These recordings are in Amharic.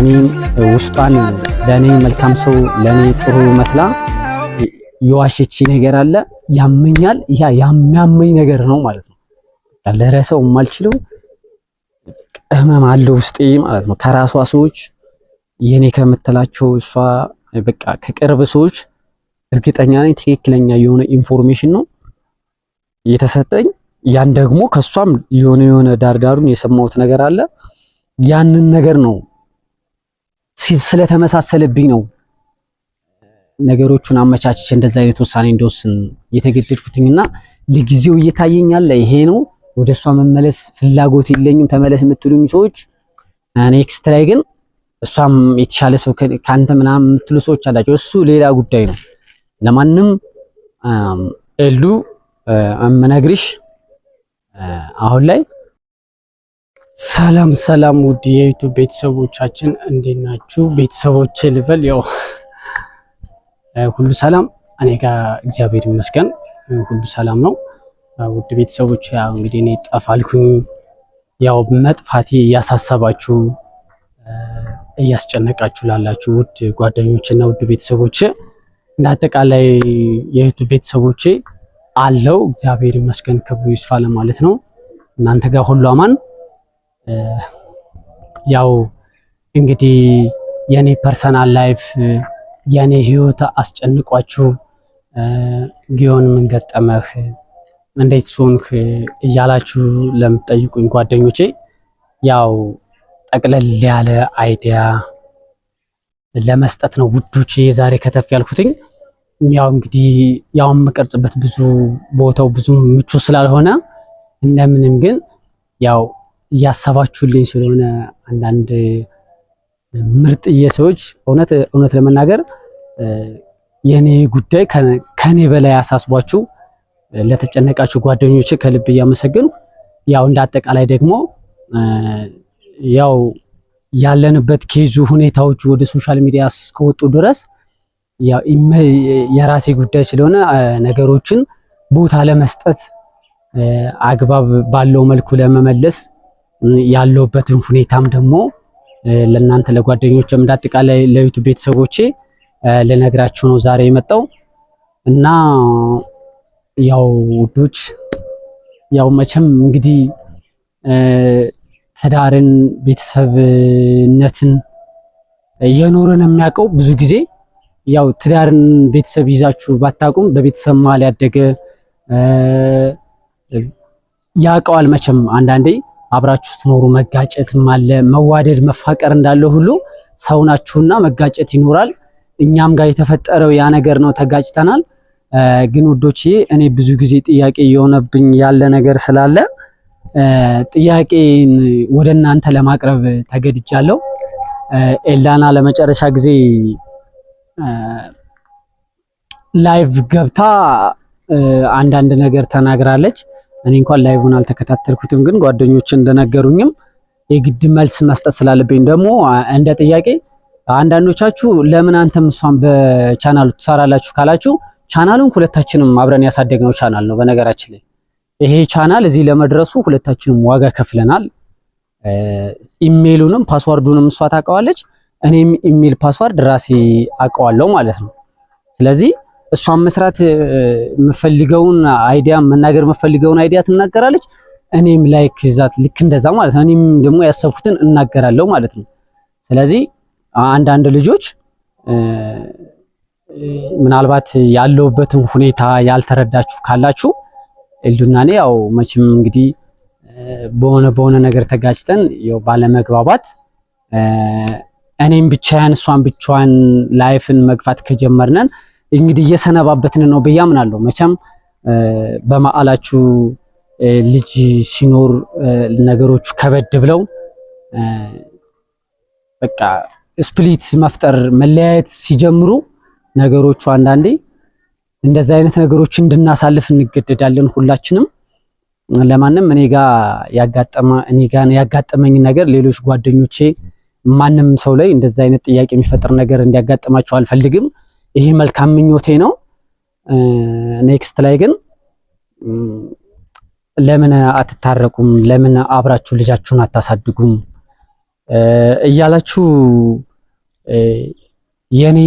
እኔን ውስጧን ለእኔ መልካም ሰው ለእኔ ጥሩ መስላ የዋሸች ነገር አለ። ያመኛል። ያ የሚያመኝ ነገር ነው ማለት ነው። ለረሰው የማልችለው ህመም አለ ውስጤ ማለት ነው። ከራሷ ሰዎች የኔ ከምትላቸው እሷ በቃ ከቅርብ ሰዎች እርግጠኛ ነኝ ትክክለኛ የሆነ ኢንፎርሜሽን ነው የተሰጠኝ። ያን ደግሞ ከሷም የሆነ የሆነ ዳርዳሩን የሰማሁት ነገር አለ። ያንን ነገር ነው ስለተመሳሰለብኝ ነው ነገሮቹን አመቻችቼ እንደዛ አይነት ውሳኔ እንደወስን የተገደድኩትኝና ለጊዜው እየታየኝ ያለ ይሄ ነው። ወደ እሷ መመለስ ፍላጎት የለኝም ተመለስ የምትሉኝ ሰዎች፣ ኔክስት ላይ ግን እሷም የተሻለ ሰው ከአንተ ምናምን የምትሉ ሰዎች አላቸው። እሱ ሌላ ጉዳይ ነው። ለማንም እሉ እምነግርሽ አሁን ላይ ሰላም ሰላም ውድ የዩቱብ ቤተሰቦቻችን እንዴት ናችሁ? ቤተሰቦች ልበል ያው ሁሉ ሰላም እኔ ጋር እግዚአብሔር ይመስገን ሁሉ ሰላም ነው። ውድ ቤተሰቦች ያው እንግዲህ እኔ ጠፋልኩኝ። ያው መጥፋቴ እያሳሰባችሁ እያስጨነቃችሁ ላላችሁ ውድ ጓደኞች እና ውድ ቤተሰቦች እንደ አጠቃላይ የዩቱብ ቤተሰቦቼ አለው እግዚአብሔር ይመስገን ክብሩ ይስፋ ለማለት ነው። እናንተ ጋር ሁሉ አማን ያው እንግዲህ የኔ ፐርሰናል ላይፍ የኔ ህይወት አስጨንቋችሁ ጊዮን ምን ገጠመህ እንዴት ሆንክ እያላችሁ ለምትጠይቁኝ ጓደኞቼ ያው ጠቅለል ያለ አይዲያ ለመስጠት ነው ውዶቼ ዛሬ ከተፍ ያልኩትኝ። ያው እንግዲህ ያው የምቀርጽበት ብዙ ቦታው ብዙ ምቹ ስላልሆነ እንደምንም ግን ያው እያሰባችሁልኝ ስለሆነ አንዳንድ ምርጥዬ ሰዎች እውነት እውነት ለመናገር የኔ ጉዳይ ከኔ በላይ አሳስቧችሁ ለተጨነቃችሁ ጓደኞቼ ከልብ እያመሰገኑ ያው እንደ አጠቃላይ ደግሞ ያው ያለንበት ኬዙ ሁኔታዎቹ ወደ ሶሻል ሚዲያ እስከወጡ ድረስ ያው የራሴ ጉዳይ ስለሆነ ነገሮችን ቦታ ለመስጠት አግባብ ባለው መልኩ ለመመለስ ያለውበትን ሁኔታም ደግሞ ለእናንተ ለጓደኞች እንዳጠቃላይ ለዩቱብ ቤተሰቦቼ ልነግራችሁ ነው ዛሬ የመጣው እና ያው ውዶች ያው መቼም እንግዲህ ትዳርን ቤተሰብነትን እየኖርን የሚያውቀው ብዙ ጊዜ ያው ትዳርን ቤተሰብ ይዛችሁ ባታቁም በቤተሰብ መሀል ያደገ ያውቀዋል መቼም አንዳንዴ አብራችሁ ስትኖሩ መጋጨትም አለ፣ መዋደድ መፋቀር እንዳለ ሁሉ ሰው ናችሁና መጋጨት ይኖራል። እኛም ጋር የተፈጠረው ያ ነገር ነው፣ ተጋጭተናል። ግን ውዶቼ እኔ ብዙ ጊዜ ጥያቄ እየሆነብኝ ያለ ነገር ስላለ ጥያቄን ወደ እናንተ ለማቅረብ ተገድጃለሁ። ኤላና ለመጨረሻ ጊዜ ላይቭ ገብታ አንዳንድ ነገር ተናግራለች። እኔ እንኳን ላይቡን አልተከታተልኩትም፣ ግን ጓደኞች እንደነገሩኝም የግድ መልስ መስጠት ስላለብኝ ደግሞ እንደ ጥያቄ አንዳንዶቻችሁ ለምን አንተም እሷን በቻናሉ ትሰራላችሁ ካላችሁ ቻናሉን ሁለታችንም አብረን ያሳደግነው ቻናል ነው። በነገራችን ላይ ይሄ ቻናል እዚህ ለመድረሱ ሁለታችንም ዋጋ ከፍለናል። ኢሜሉንም ፓስዋርዱንም እሷ ታውቀዋለች፣ እኔም ኢሜል ፓስዋርድ ራሴ አውቀዋለሁ ማለት ነው። ስለዚህ እሷን መስራት የምፈልገውን አይዲያ መናገር የምፈልገውን አይዲያ ትናገራለች። እኔም ላይክ ዛት ልክ እንደዛ ማለት ነው። እኔም ደግሞ ያሰብኩትን እናገራለሁ ማለት ነው። ስለዚህ አንዳንድ ልጆች ምናልባት ያለውበትን ሁኔታ ያልተረዳችሁ ካላችሁ ኤልዱና እኔ ያው መቼም እንግዲህ በሆነ በሆነ ነገር ተጋጭተን ያው ባለመግባባት እኔም ብቻዬን እሷን ብቻዋን ላይፍን መግፋት ከጀመርነን እንግዲህ እየሰነባበትን ነው ብዬ አምናለሁ። መቼም በመዓላችሁ ልጅ ሲኖር ነገሮቹ ከበድ ብለው በቃ ስፕሊት መፍጠር መለያየት ሲጀምሩ ነገሮቹ አንዳንዴ እንደዚህ አይነት ነገሮች እንድናሳልፍ እንገደዳለን ሁላችንም። ለማንም እኔ ጋር ያጋጠመ እኔ ጋር ያጋጠመኝ ነገር ሌሎች ጓደኞቼ ማንም ሰው ላይ እንደዚህ አይነት ጥያቄ የሚፈጥር ነገር እንዲያጋጥማቸው አልፈልግም። ይሄ መልካም ምኞቴ ነው። ኔክስት ላይ ግን ለምን አትታረቁም? ለምን አብራችሁ ልጃችሁን አታሳድጉም? እያላችሁ የኔ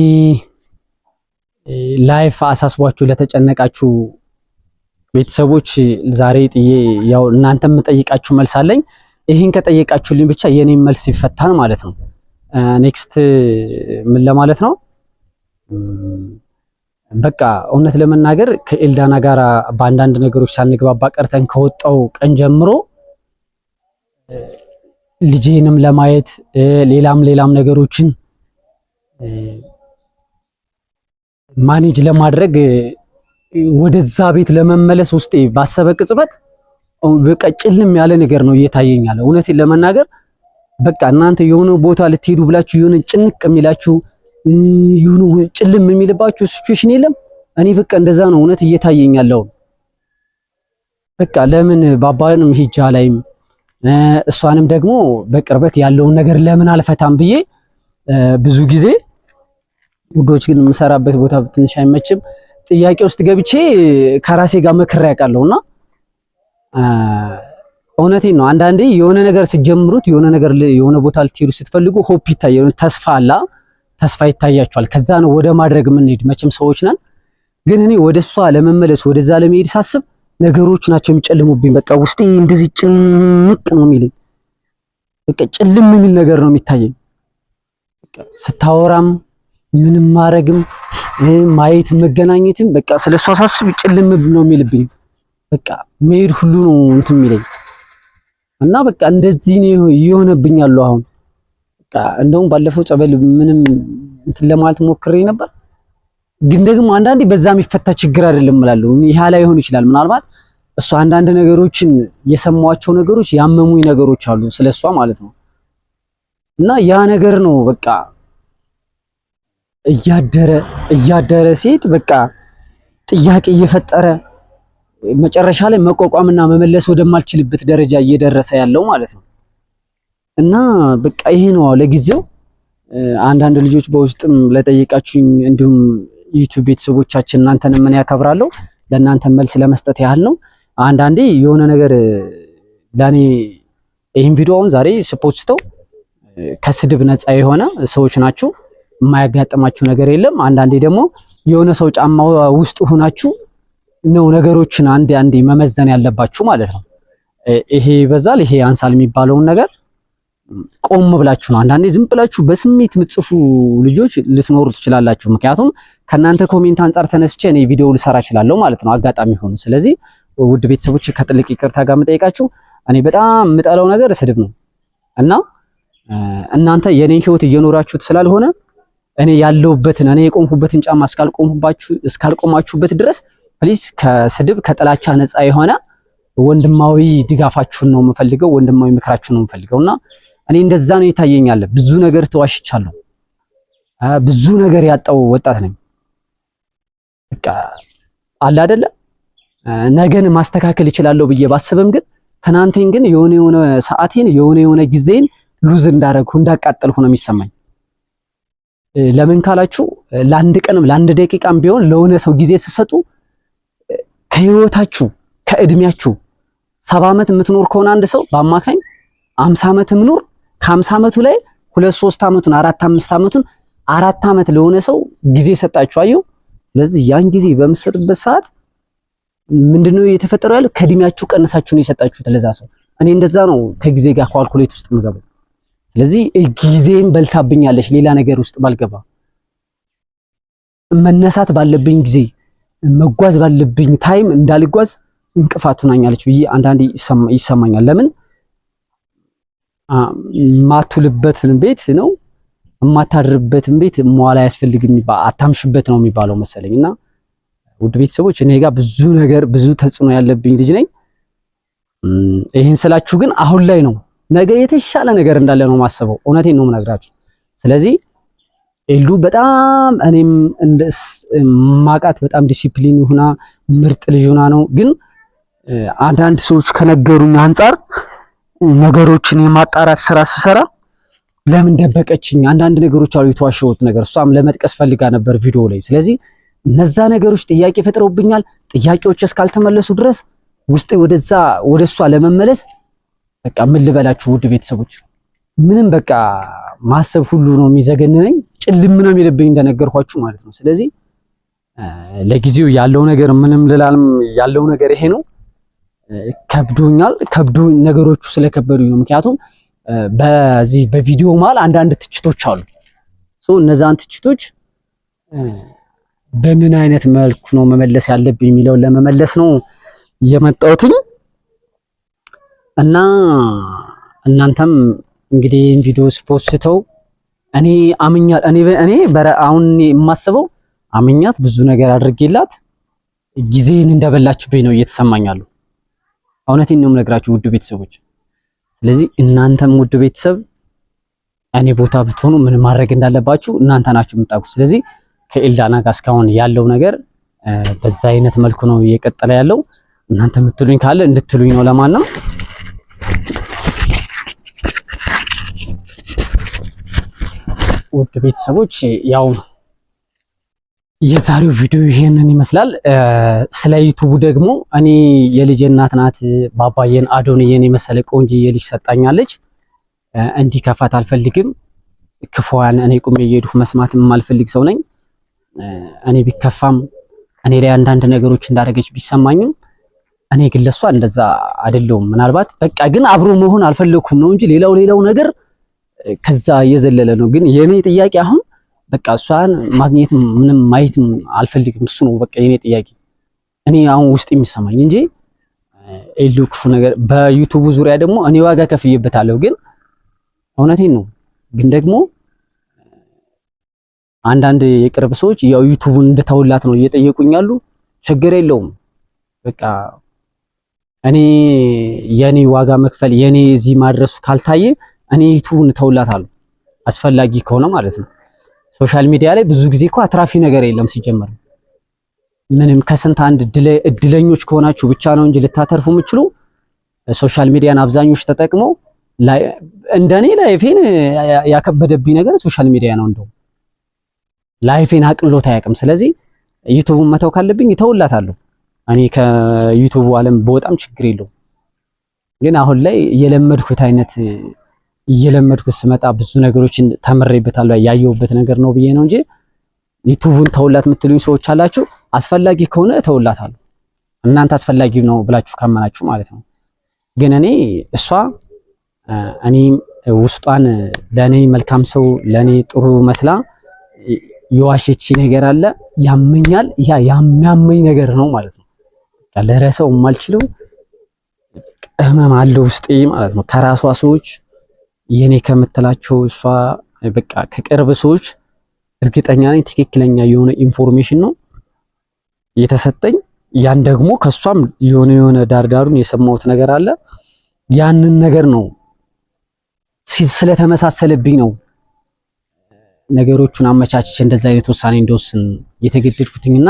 ላይፍ አሳስቧችሁ ለተጨነቃችሁ ቤተሰቦች ዛሬ ጥዬ ያው እናንተም ጠይቃችሁ መልስ አለኝ። ይህን ከጠየቃችሁልኝ ብቻ የኔ መልስ ይፈታል ማለት ነው። ኔክስት ምን ለማለት ነው? በቃ እውነት ለመናገር ከኤልዳና ጋር በአንዳንድ ነገሮች ሳንግባባ ቀርተን ከወጣው ቀን ጀምሮ ልጄንም ለማየት ሌላም ሌላም ነገሮችን ማኔጅ ለማድረግ ወደዛ ቤት ለመመለስ ውስጤ ባሰበ ቅጽበት በቃ ጭልም ያለ ነገር ነው እየታየኛለ። እውነቴን ለመናገር በቃ እናንተ የሆነ ቦታ ልትሄዱ ብላችሁ የሆነ ጭንቅ የሚላችሁ ይሁኑ ጭልም የሚልባችሁ ሲቹዌሽን የለም። እኔ በቃ እንደዛ ነው እውነት እየታየኝ ያለው። በቃ ለምን ባባንም ሂጃ ላይም እሷንም ደግሞ በቅርበት ያለውን ነገር ለምን አልፈታም ብዬ ብዙ ጊዜ ውዶች፣ ግን የምሰራበት ቦታ ትንሽ አይመችም፣ ጥያቄ ውስጥ ገብቼ ከራሴ ጋር መክሬ ያውቃለሁና እውነቴን ነው። አንዳንዴ የሆነ ነገር ስትጀምሩት የሆነ ነገር የሆነ ቦታ ልትሄዱ ስትፈልጉ ሆፕ ይታያል፣ ተስፋ አላ ተስፋ ይታያቸዋል። ከዛ ነው ወደ ማድረግ የምንሄድ። መቼም ሰዎች ነን፣ ግን እኔ ወደ እሷ ለመመለስ ወደዛ ለመሄድ ሳስብ ነገሮች ናቸው የሚጨልሙብኝ። በቃ ውስጤ እንደዚህ ጭንቅ ነው የሚለኝ። በቃ ጭልም የሚል ነገር ነው የሚታየኝ። ስታወራም ምንም ማረግም ማየት መገናኘትም በቃ ስለሷ ሳስብ ጭልም ነው የሚልብኝ። በቃ መሄድ ሁሉ ነው እንትን የሚለኝ እና በቃ እንደዚህ ነው ይሆነብኛል አሁን እንደውም ባለፈው ጸበል ምንም እንትን ለማለት ሞክሬ ነበር፣ ግን ደግሞ አንዳንዴ በዛ የሚፈታ ችግር አይደለም እላለሁ። ይሄ ይሆን ይችላል ምናልባት እሷ አንዳንድ ነገሮችን የሰማዋቸው ነገሮች ያመሙኝ ነገሮች አሉ ስለሷ ማለት ነው። እና ያ ነገር ነው በቃ እያደረ እያደረ ሲሄድ በቃ ጥያቄ እየፈጠረ መጨረሻ ላይ መቋቋምና መመለስ ወደማልችልበት ደረጃ እየደረሰ ያለው ማለት ነው። እና በቃ ይሄ ነው ለጊዜው። አንዳንድ ልጆች በውስጥም ለጠየቃችሁኝ እንዲሁም ዩቲዩብ ቤተሰቦቻችን እናንተን ምን ያከብራለሁ ለእናንተ መልስ ለመስጠት ያህል ነው። አንዳንዴ የሆነ ነገር ለኔ ይህን ቪዲዮ አሁን ዛሬ ስፖስተው ከስድብ ነፃ የሆነ ሰዎች ናችሁ፣ የማያጋጥማችሁ ነገር የለም። አንዳንዴ ደግሞ የሆነ ሰው ጫማ ውስጥ ሆናችሁ ነው ነገሮችን አንዴ አንዴ መመዘን ያለባችሁ ማለት ነው። ይሄ ይበዛል፣ ይሄ አንሳል የሚባለውን ነገር ቆም ብላችሁ ነው። አንዳንዴ ዝም ብላችሁ በስሜት ምጽፉ ልጆች ልትኖሩ ትችላላችሁ። ምክንያቱም ከእናንተ ኮሜንት አንጻር ተነስቼ እኔ ቪዲዮ ልሰራ እችላለሁ ማለት ነው አጋጣሚ ሆኖ። ስለዚህ ውድ ቤተሰቦች ከጥልቅ ይቅርታ ጋር የምጠይቃችሁ እኔ በጣም የምጠላው ነገር ስድብ ነው እና እናንተ የኔን ህይወት እየኖራችሁት ስላልሆነ እኔ ያለሁበትን እኔ የቆምኩበትን ጫማ እስካልቆምኩባችሁ እስካልቆማችሁበት ድረስ ፕሊስ ከስድብ ከጥላቻ ነፃ የሆነ ወንድማዊ ድጋፋችሁን ነው የምፈልገው፣ ወንድማዊ ምክራችሁን ነው የምፈልገውና እኔ እንደዛ ነው ይታየኛል። ብዙ ነገር ተዋሽቻለሁ። ብዙ ነገር ያጣው ወጣት ነኝ። በቃ አለ አይደለ ነገን ማስተካከል እችላለሁ ብዬ ባስብም ግን ትናንቴን ግን የሆነ የሆነ ሰዓቴን የሆነ የሆነ ጊዜን ሉዝ እንዳረግኩ እንዳቃጠልኩ ነው የሚሰማኝ። ለምን ካላችሁ ለአንድ ቀንም ለአንድ ደቂቃም ቢሆን ለሆነ ሰው ጊዜ ስትሰጡ ከህይወታችሁ ከእድሜያችሁ ሰባ ዓመት የምትኖር ከሆነ አንድ ሰው በአማካኝ አምሳ ዓመት ምኖር ከሀምሳ ዓመቱ ላይ ሁለት ሶስት ዓመቱን አራት አምስት ዓመቱን አራት ዓመት ለሆነ ሰው ጊዜ ሰጣችሁ አየው። ስለዚህ ያን ጊዜ በምትሰጡበት ሰዓት ምንድነው የተፈጠረው ያለው ከእድሜያችሁ ቀነሳችሁ ነው የሰጣችሁት ለዛ ሰው። እኔ እንደዛ ነው ከጊዜ ጋር ካልኩሌት ውስጥ የምገባው። ስለዚህ ጊዜም በልታብኛለች ሌላ ነገር ውስጥ ባልገባ መነሳት ባለብኝ ጊዜ መጓዝ ባለብኝ ታይም እንዳልጓዝ እንቅፋት ሆናኛለች ብዬ አንዳንዴ ይሰማኛል። ለምን የማትውልበትን ቤት ነው የማታድርበትን ቤት መዋል አያስፈልግም፣ አታምሽበት ነው የሚባለው መሰለኝ። እና ውድ ቤተሰቦች እኔ ጋር ብዙ ነገር ብዙ ተጽዕኖ ያለብኝ ልጅ ነኝ። ይህን ስላችሁ ግን አሁን ላይ ነው፣ ነገ የተሻለ ነገር እንዳለ ነው ማስበው። እውነቴን ነው የምነግራችሁ። ስለዚህ ኤልዱ በጣም እኔም ማቃት በጣም ዲሲፕሊን ሁና ምርጥ ልጅ ሁና ነው። ግን አንዳንድ ሰዎች ከነገሩኝ አንጻር ነገሮችን የማጣራት ስራ ስሰራ ለምን ደበቀችኝ? አንዳንድ ነገሮች አሉ የተዋሸሁት ነገር እሷም ለመጥቀስ ፈልጋ ነበር ቪዲዮ ላይ። ስለዚህ እነዛ ነገሮች ጥያቄ ፈጥረውብኛል። ጥያቄዎች እስካልተመለሱ ድረስ ውስጤ ወደዛ ወደ እሷ ለመመለስ በቃ ምን ልበላችሁ ውድ ቤተሰቦች፣ ምንም በቃ ማሰብ ሁሉ ነው የሚዘገንነኝ፣ ጭልም ነው የሚልብኝ እንደነገርኳችሁ ማለት ነው። ስለዚህ ለጊዜው ያለው ነገር ምንም ልላልም፣ ያለው ነገር ይሄ ነው። ከብዶኛል። ከብዶ ነገሮቹ ስለከበዱኝ ነው። ምክንያቱም በዚህ በቪዲዮ መሀል አንዳንድ ትችቶች አሉ። ሶ እነዛን ትችቶች በምን አይነት መልኩ ነው መመለስ ያለብኝ የሚለውን ለመመለስ ነው የመጣሁትኝ እና እናንተም እንግዲህ ይህን ቪዲዮ ፖስተው እኔ አምኛል እኔ እኔ አሁን የማስበው አምኛት ብዙ ነገር አድርጌላት ጊዜን እንደበላችብኝ ነው እየተሰማኛለሁ። እውነቴን ነው የምነግራችሁ ውድ ቤተሰቦች። ስለዚህ እናንተም ውድ ቤተሰብ እኔ ቦታ ብትሆኑ ምን ማድረግ እንዳለባችሁ እናንተ ናችሁ የምታውቁት። ስለዚህ ከኤልዳና ጋር እስካሁን ያለው ነገር በዛ አይነት መልኩ ነው እየቀጠለ ያለው። እናንተ የምትሉኝ ካለ እንድትሉኝ ነው ለማን ነው ውድ ቤተሰቦች ያው የዛሬው ቪዲዮ ይሄንን ይመስላል። ስለ ዩቱቡ ደግሞ እኔ የልጅ እናት ናት። ባባዬን አዶንዬን የመሰለ ቆንጆዬ ልጅ ሰጣኛለች። እንዲከፋት አልፈልግም። ክፉዋን እኔ ቁሜ እየሄድኩ መስማት የማልፈልግ ሰው ነኝ። እኔ ቢከፋም እኔ ላይ አንዳንድ ነገሮች እንዳደረገች ቢሰማኝም እኔ ግን ለሷ እንደዛ አይደለሁም። ምናልባት በቃ ግን አብሮ መሆን አልፈለኩም ነው እንጂ ሌላው ሌላው ነገር ከዛ እየዘለለ ነው። ግን የእኔ ጥያቄ አሁን በቃ እሷን ማግኘት ምንም ማየትም አልፈልግም። እሱ ነው በቃ የኔ ጥያቄ፣ እኔ አሁን ውስጥ የሚሰማኝ እንጂ ኤሉ ክፉ ነገር በዩቱቡ ዙሪያ ደግሞ እኔ ዋጋ ከፍዬበታለሁ። ግን እውነቴን ነው። ግን ደግሞ አንዳንድ የቅርብ ሰዎች ያው ዩቱቡን እንድተውላት ነው እየጠየቁኝ ያሉ። ችግር የለውም በቃ እኔ የኔ ዋጋ መክፈል የኔ እዚህ ማድረሱ ካልታየ እኔ ዩቱቡን ተውላታለሁ፣ አስፈላጊ ከሆነ ማለት ነው። ሶሻል ሚዲያ ላይ ብዙ ጊዜ እኮ አትራፊ ነገር የለም ሲጀመር። ምንም ከስንት አንድ እድለኞች ከሆናችሁ ብቻ ነው እንጂ ልታተርፉ የምችሉ። ሶሻል ሚዲያን አብዛኞች ተጠቅመው እንደኔ ላይፌን ያከበደብኝ ነገር ሶሻል ሚዲያ ነው። እንደው ላይፌን አቅልሎት አያውቅም። ስለዚህ ዩቱቡን መተው ካለብኝ ይተውላታለሁ። እኔ ከዩቱቡ ዓለም በወጣም ችግር የለውም። ግን አሁን ላይ የለመድኩት አይነት እየለመድኩት ስመጣ ብዙ ነገሮችን ተምሬበታለሁ ያየሁበት ነገር ነው ብዬ ነው እንጂ ዩቱቡን ተውላት የምትሉኝ ሰዎች አላችሁ። አስፈላጊ ከሆነ ተውላታለሁ እናንተ አስፈላጊ ነው ብላችሁ ካመናችሁ ማለት ነው። ግን እኔ እሷ እኔ ውስጧን ለእኔ መልካም ሰው ለእኔ ጥሩ መስላ የዋሸች ነገር አለ ያመኛል። ያ የሚያመኝ ነገር ነው ማለት ነው። ለረሰው የማልችለው ህመም አለ ውስጤ ማለት ነው። ከራሷ ሰዎች የኔ ከምትላቸው እሷ በቃ ከቅርብ ሰዎች እርግጠኛ ነኝ ትክክለኛ የሆነ ኢንፎርሜሽን ነው የተሰጠኝ። ያን ደግሞ ከሷም የሆነ የሆነ ዳርዳሩን የሰማሁት ነገር አለ። ያንን ነገር ነው ስለተመሳሰለብኝ ነው ነገሮቹን አመቻችቼ እንደዛ አይነት ውሳኔ እንደወስን የተገደድኩትኝና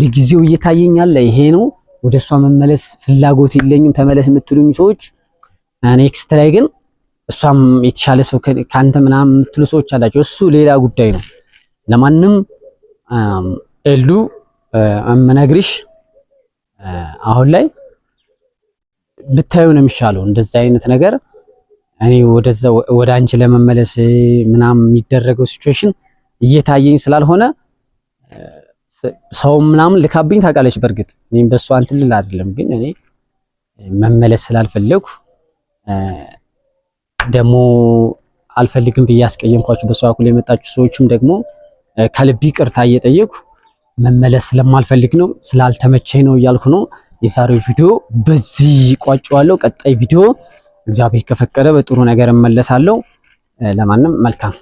ለጊዜው እየታየኝ ያለ ይሄ ነው። ወደ እሷ መመለስ ፍላጎት የለኝም ተመለስ የምትሉኝ ሰዎች ኔክስት ላይ ግን እሷም የተሻለ ሰው ከአንተ ምናምን የምትሉ ሰዎች አላቸው። እሱ ሌላ ጉዳይ ነው። ለማንም ኤሉ እምነግርሽ አሁን ላይ ብታዩ ነው የሚሻለው። እንደዛ አይነት ነገር እኔ ወደዛ ወደ አንቺ ለመመለስ ምናምን የሚደረገው ሲቹዌሽን እየታየኝ ስላልሆነ ሰው ምናምን ልካብኝ ታውቃለች። በእርግጥ እኔም በእሷ እንትን ልል አይደለም፣ ግን እኔ መመለስ ስላልፈለኩ ደግሞ አልፈልግም ብዬ አስቀየምኳችሁ በሰው አኩል የመጣችሁ ሰዎችም ደግሞ ከልብ ይቅርታ እየጠየኩ መመለስ ስለማልፈልግ ነው፣ ስላልተመቸኝ ነው እያልኩ ነው። የዛሬው ቪዲዮ በዚህ አለው ቀጣይ ቪዲዮ እግዚአብሔር ከፈቀደ በጥሩ ነገር እመለሳለሁ። ለማንም መልካም